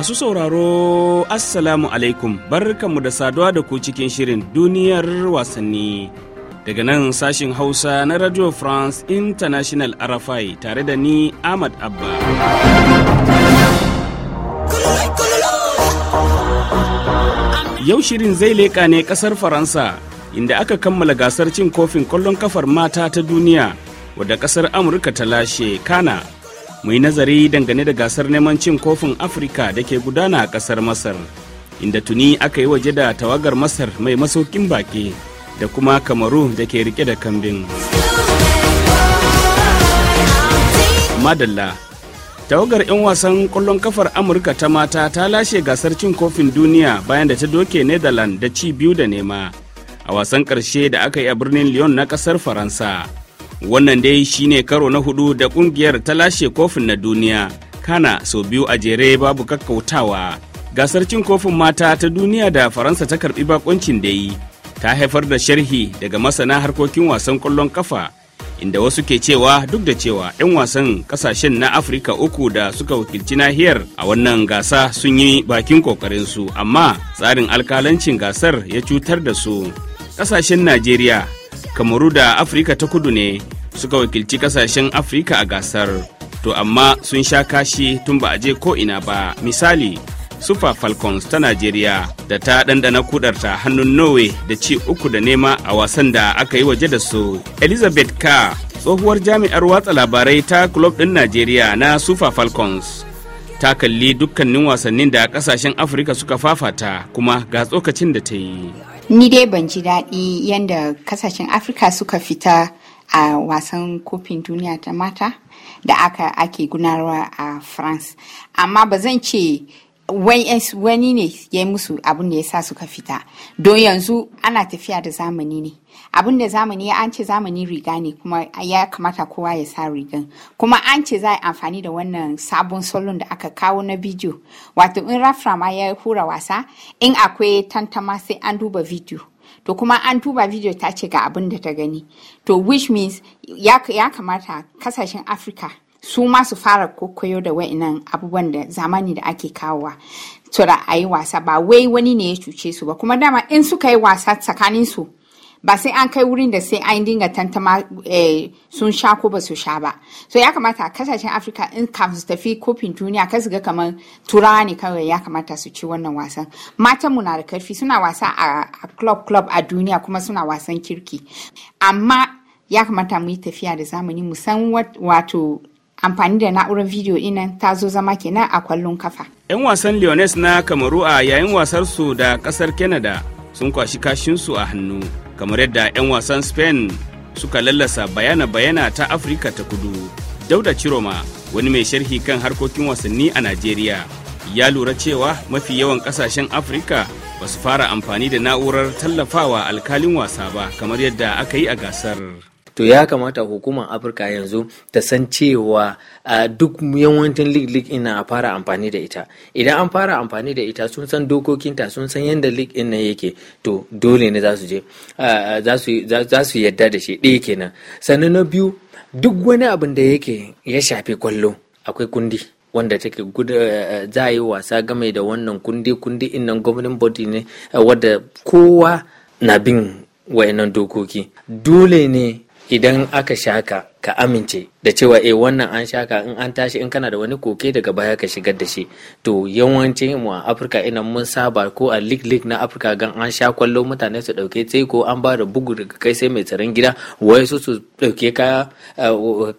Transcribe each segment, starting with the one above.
Masu sauraro Assalamu alaikum barkanmu da saduwa da ku cikin shirin duniyar wasanni. Daga nan sashin Hausa na Radio France International RFI tare da ni Ahmad Abba. Yau shirin zai leƙa ne ƙasar Faransa inda aka kammala gasar cin kofin kwallon kafar mata ta duniya wadda ƙasar Amurka ta lashe Kana. mu nazari dangane da gasar neman cin kofin afirka da ke gudana a kasar masar inda tuni aka yi waje da tawagar masar mai masaukin baki da kuma kamaru da ke rike da kambin madalla tawagar 'yan wasan kwallon kafar amurka ta mata ta lashe gasar cin kofin duniya bayan da ta doke netherlands da ci biyu da nema a wasan ƙarshe da aka yi a birnin lyon na ƙasar faransa wannan dai shine karo na hudu da kungiyar ta lashe kofin na duniya kana sau biyu a jere babu kakkautawa gasar cin kofin mata ta duniya da faransa ta karbi bakoncin da yi ta haifar da sharhi daga masana harkokin wasan kwallon kafa inda wasu ke cewa duk da cewa 'yan wasan kasashen na afirka uku da suka wakilci nahiyar a wannan gasa sun yi bakin kokarinsu amma tsarin alkalancin gasar ya cutar da su kasashen najeriya kamaru da afirka ta kudu ne suka wakilci kasashen afirka a gasar to amma sun sha kashi tun ba a je ko'ina ba misali super falcons ta nigeria da ta ɗanɗana kudarta hannun norway da ci uku da nema a wasan da aka yi waje da su elizabeth carr tsohuwar jami'ar watsa labarai ta club ɗin nigeria na super falcons ta kalli dukkanin wasannin da kasashen afirka suka fafata kuma ga tsokacin da ta yi ni dai ban ji daɗi yadda kasashen afirka suka fita a wasan kofin duniya ta mata da aka ake gunarwa a france amma ba zan ce wani ne ya yi musu abin da ya sa suka fita don yanzu ana tafiya da zamani ne abin da zamani ya an ce zamani riga ne kuma ya kamata kowa ya sa rigan kuma an ce za a yi amfani da wannan sabon salon da aka kawo na bidiyo wato in rafra ma ya hura wasa in akwai tantama sai an duba bidiyo to kuma an duba video ta ce ga abin da ta gani to which means ya kamata kasashen afirka su ma su fara kokoyo da wa'inan abubuwan da zamani da ake kawowa tura a yi wasa ba wai wani ne ya cuce su ba kuma dama in suka yi wasa tsakanin su ba sai an kai wurin da sai an dinga tantama eh, sun sha ko ba su sha ba so ya kamata kasashen afirka in kafin su tafi kofin duniya su ga kamar turawa ne kawai ya kamata su ci wannan wasan matan mu na da karfi suna wasa a club club a duniya kuma suna wasan kirki amma ya kamata mu yi tafiya da zamani mu san wato amfani da na'urar bidiyo ɗinnan ta zo zama kenan a kwallon kafa. 'Yan wasan Leones na Kamaru a yayin wasarsu da kasar Canada sun kwashi kashinsu a hannu, kamar yadda 'yan wasan Spain suka lallasa bayana-bayana ta Afrika ta kudu. Dauda chiroma wani mai sharhi kan harkokin wasanni a Najeriya, ya lura cewa mafi yawan kasashen Afirka ba su fara amfani da na'urar tallafawa alkalin wasa ba kamar yadda aka yi a gasar. to ya kamata hukumar afirka yanzu ta san cewa duk yawancin league in ina fara amfani da ita idan an fara amfani da ita sun san dokokinta sun san yadda league in nan yake to dole ne za su je za su yadda da shi ɗaya kenan sannan na biyu duk wani abin da yake ya shafi kwallo akwai kundi wanda take za a yi wasa game da wannan kundi kundi innan governing body ne wadda kowa na bin wayannan dokoki dole ne idan aka shaka ka amince da cewa eh wannan an shaka in an tashi in kana da wani koke daga baya ka shigar da shi to yawanci mu a afirka ina mun saba ko a league league na afirka gan an sha kwallo mutane su dauke sai ko an ba da bugu daga kai sai mai tsaron gida wai su su dauke ka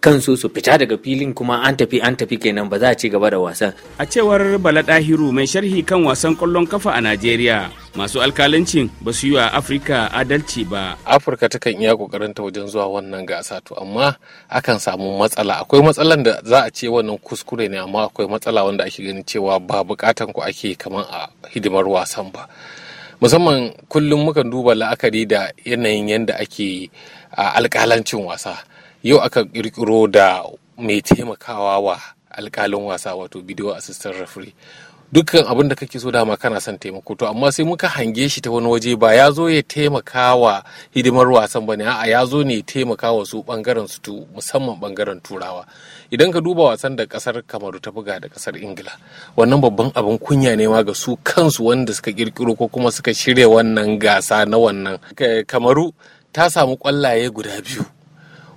kansu su fita daga filin kuma an tafi an tafi kenan ba za a ci gaba da wasan a cewar bala dahiru mai sharhi kan wasan kwallon kafa a najeriya masu alkalancin ba su yi wa afirka adalci ba afirka takan iya kokarin ta wajen zuwa wannan gasa to amma akan samu matsala akwai matsalan da za a ce wannan kuskure ne amma akwai matsala wanda ake gani cewa ba bukatan ku ake kamar a hidimar wasan ba musamman kullum mukan duba la'akari da yanayin yadda ake alkalancin wasa yau aka kirkiro da mai taimakawa wa alkalin wasa wato video assistant referee dukkan abin da kake so dama kana son taimako to amma sai muka hange shi ta wani waje ba ya zo ya taimakawa hidimar wasan bane a'a ya zo ne ya taimaka su bangaren su tu musamman bangaren turawa idan ka duba wasan da kasar kamaru ta buga da kasar ingila wannan babban abin kunya ne ma ga su kansu wanda suka kirkiro ko kuma suka shirya wannan gasa na wannan kamaru ta samu kwallaye guda biyu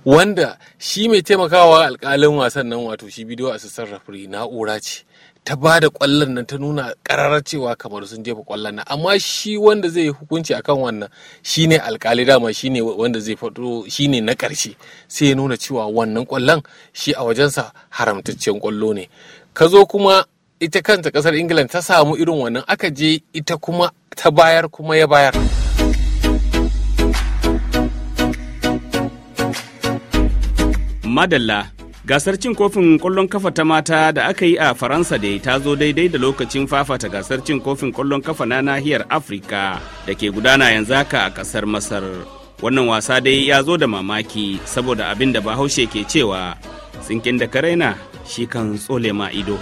wanda shi mai taimakawa alkalin wasan nan wato shi bidiyo a sassan rafiri na'ura ce ta ba da kwallon nan ta nuna kararar cewa kamar sun jefa kwallon nan amma shi wanda zai hukunci akan wannan shine alkali dama shine wanda zai fado shine na karshe sai ya nuna cewa wannan kwallon shi a wajensa haramtaccen kwallo ne ka zo kuma ita kanta kasar england ta samu irin wannan aka je ita kuma ta bayar kuma ya bayar Madalla gasar cin kofin kwallon kafa ta mata da aka yi a faransa da ta zo daidai da lokacin fafata gasar cin kofin kwallon kafa na nahiyar afirka da ke gudana yanzu haka a kasar masar wannan wasa dai ya zo da mamaki saboda abin da bahaushe ke cewa tsinkin da karaina shi kan tsole ma ido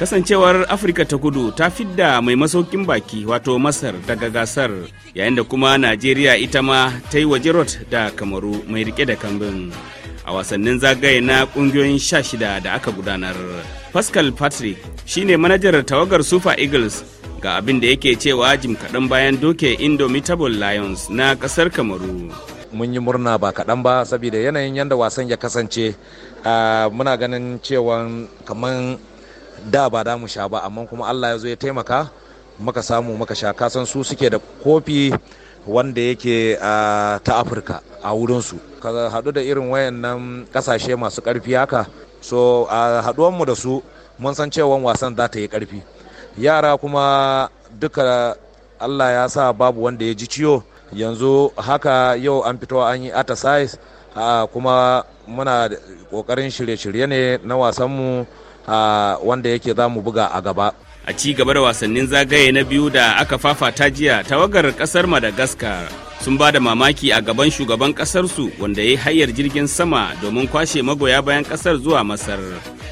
kasancewar afirka ta kudu ta fidda mai masaukin baki wato masar daga gasar yayin da kuma najeriya ita ma ta yi waje da kamaru mai rike da kambin a wasannin zagaye na kungiyoyin sha shida da aka gudanar pascal patrick shine manajar tawagar super eagles ga abin da yake cewa jim kaɗan bayan doke indomitable lions na ƙasar kamaru mun yi murna ba kaɗan ba saboda yanayin yadda wasan ya kasance ah, muna ganin cewa kamar da ba da mu sha ba amma kuma allah ya zo ya taimaka muka samu muka sha kasan su suke da kofi wanda yake ta afirka a wurinsu ka haɗu da irin wayannan ƙasashe masu ƙarfi haka so a haɗuwanmu da su mun san cewa wasan za ta yi ƙarfi yara kuma duka allah ya sa babu wanda ya ji ciwo yanzu haka yau an fito an yi exercise kuma muna ƙoƙarin shirye-shirye ne na wasanmu wanda yake za mu buga a gaba a ci gaba da wasannin zagaye na biyu da aka fafata jiya tawagar kasar madagascar sun ba da mamaki a gaban shugaban kasarsu wanda ya yi hayar jirgin sama domin kwashe magoya bayan kasar zuwa masar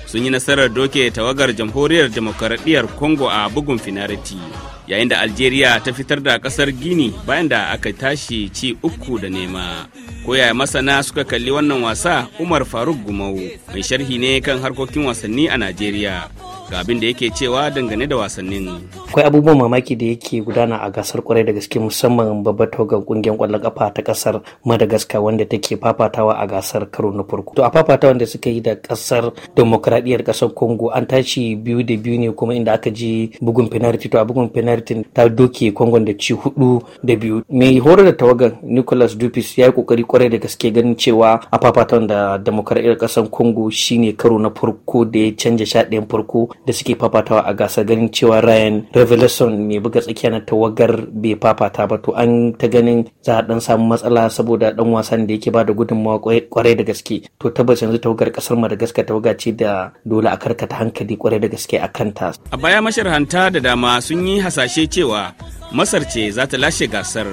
sun yi nasarar doke tawagar jamhuriyar demokaradiyyar congo a bugun finariti yayin da algeria ta fitar da kasar gini bayan da aka tashi ci uku da nema koya masana suka kalli wannan wasa umar faruk gumau mai sharhi ne kan harkokin wasanni a najeriya ga abin da yake cewa dangane da wasannin. Akwai abubuwan mamaki da yake gudana a gasar kwarai da gaske musamman babbar tawagar kungiyar kwallon kafa ta kasar Madagascar wanda take fafatawa a gasar karo na farko. To a fafatawan da suka yi da kasar demokradiyyar kasar Congo an tashi biyu da biyu ne kuma inda aka ji bugun penalty to a bugun penalty ta doke Congo da ci hudu da biyu. Mai horar da tawagar Nicolas Dupis ya yi kokari kwarai da gaske ganin cewa a fafatawan da demokradiyyar kasar Congo shine karo na farko da ya canja sha farko da suke fafatawa a gasa ganin cewa Ryan Revelation mai buga tsakiya na tawagar bai fafata ba to an ta ganin za a dan samu matsala saboda dan wasan da yake bada gudunmawa kwarai da gaske to tabbas yanzu tawagar kasar Madagascar tawaga ce da dole a karkata hankali kwarai da gaske a kanta. A baya masharhanta da dama sun yi hasashe cewa Masar ce za ta lashe gasar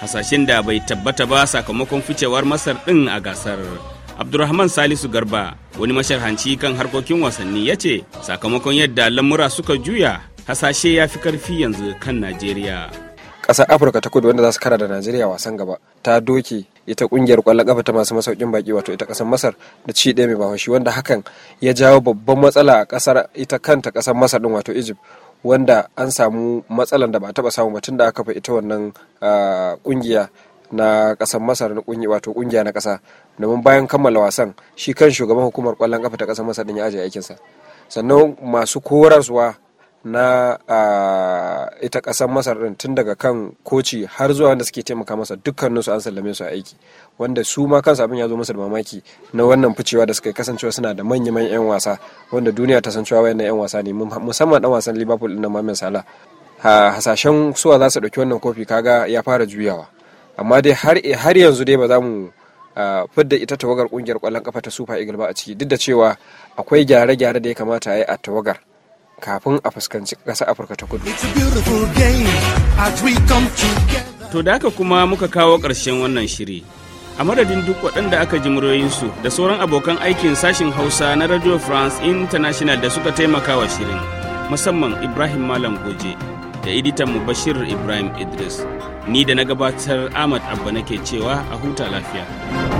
hasashen da bai tabbata ba sakamakon ficewar Masar din a gasar. abdulrahman salisu garba wani masharhanci kan harkokin wasanni ya ce sakamakon yadda lamura suka juya hasashe ya fi karfi yanzu kan najeriya ƙasar afirka ta kudu wanda za su kara da najeriya wasan gaba ta doke ita kungiyar ƙwallon kafa ta masu masaukin baki wato ita kasar masar da ci ɗaya mai bahaushe wanda hakan ya jawo babban matsala a ƙasar ita kanta ƙasar masar din wato egypt wanda an samu matsalan da ba taɓa samu batun da aka fa ita wannan ah, ƙungiya. na kasar masar na kungiya wato kungiya na kasa domin bayan kammala wasan shi kan shugaban hukumar kwallon kafa ta kasar masar din ya ajiye sa sannan masu korarwa na ita kasar masar din tun daga kan koci har zuwa wanda suke taimaka masa dukkanin su an sallame su a aiki wanda su ma kansu abin ya zo masa da mamaki na wannan ficewa da suka kasancewa suna da manya manyan yan wasa wanda duniya ta san cewa wayannan yan wasa ne musamman dan wasan liverpool din na mamin sala hasashen suwa za su dauki wannan kofi kaga ya fara juyawa amma dai har yanzu dai ba za mu ah, fidda ita tawagar kungiyar kwallon kafa ta super eagle ba a ciki duk da cewa akwai gyare-gyare da ya kamata a yi a tawagar kafin a fuskanci ƙasa afirka ta kudu to da haka kuma muka kawo ƙarshen wannan shiri a madadin duk waɗanda aka ji muryoyinsu da sauran abokan aikin sashen hausa na radio france international da suka taimaka wa shirin musamman ibrahim malam goje da editan mu bashir ibrahim idris ni da na gabatar ahmad abba nake cewa a huta lafiya